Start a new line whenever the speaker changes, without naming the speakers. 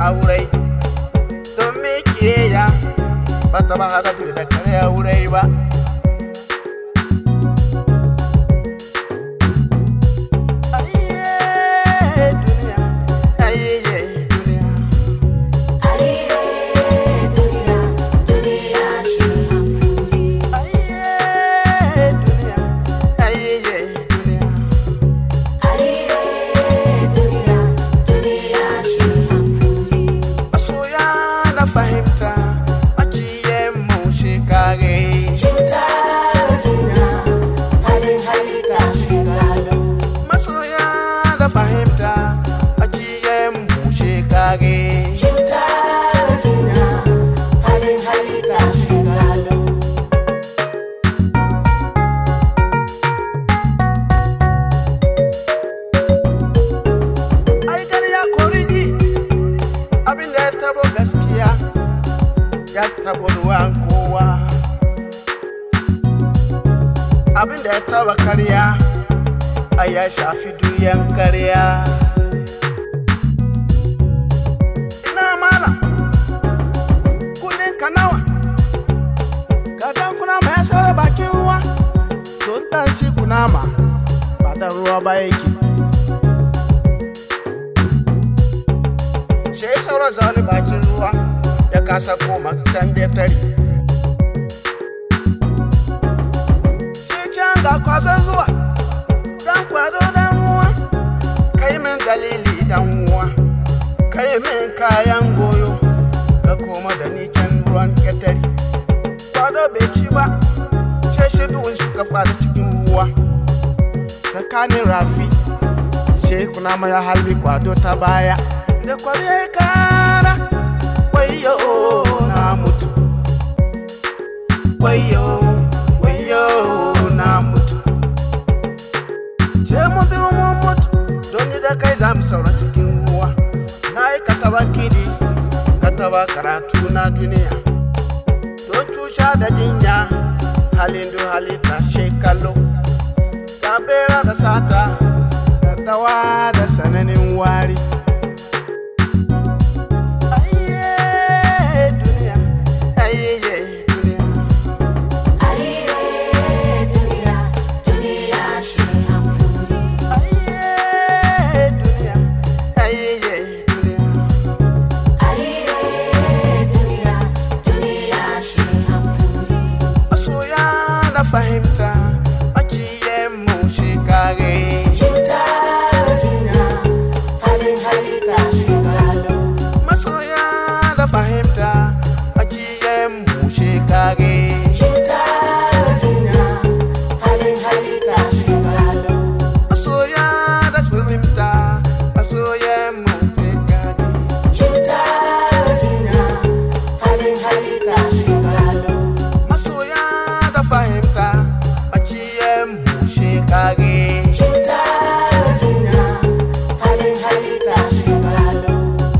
aure don me kiyayya ba ta ba hada da kare aure ba taɓa kowa abinda ya taɓa karya a ya shafi duyan karya ina mala kudin kanawa kadan tota kuna ya saura bakin ruwa don ɗanci kunama ba da ruwa ba yake shi saura zaune bakin kasa koma tande e tari shi can ga kwazo zuwa dan kwado um dan uwa um kai min dalili dan uwa um kai min kayan goyo ka koma da ni can ruwan ketari kwado bai ci ba sai shi duwun shi ka fada cikin ruwa tsakanin rafi shekuna maya halbi kwado ta baya da kwari kara wayo na mutu wayo wayo na mutu je mu bi mu mutu don da kai za saura cikin ruwa na yi kataba kidi kataba karatu na duniya don cuta da jinya halin du halitta shekalo kabera da sata da tawa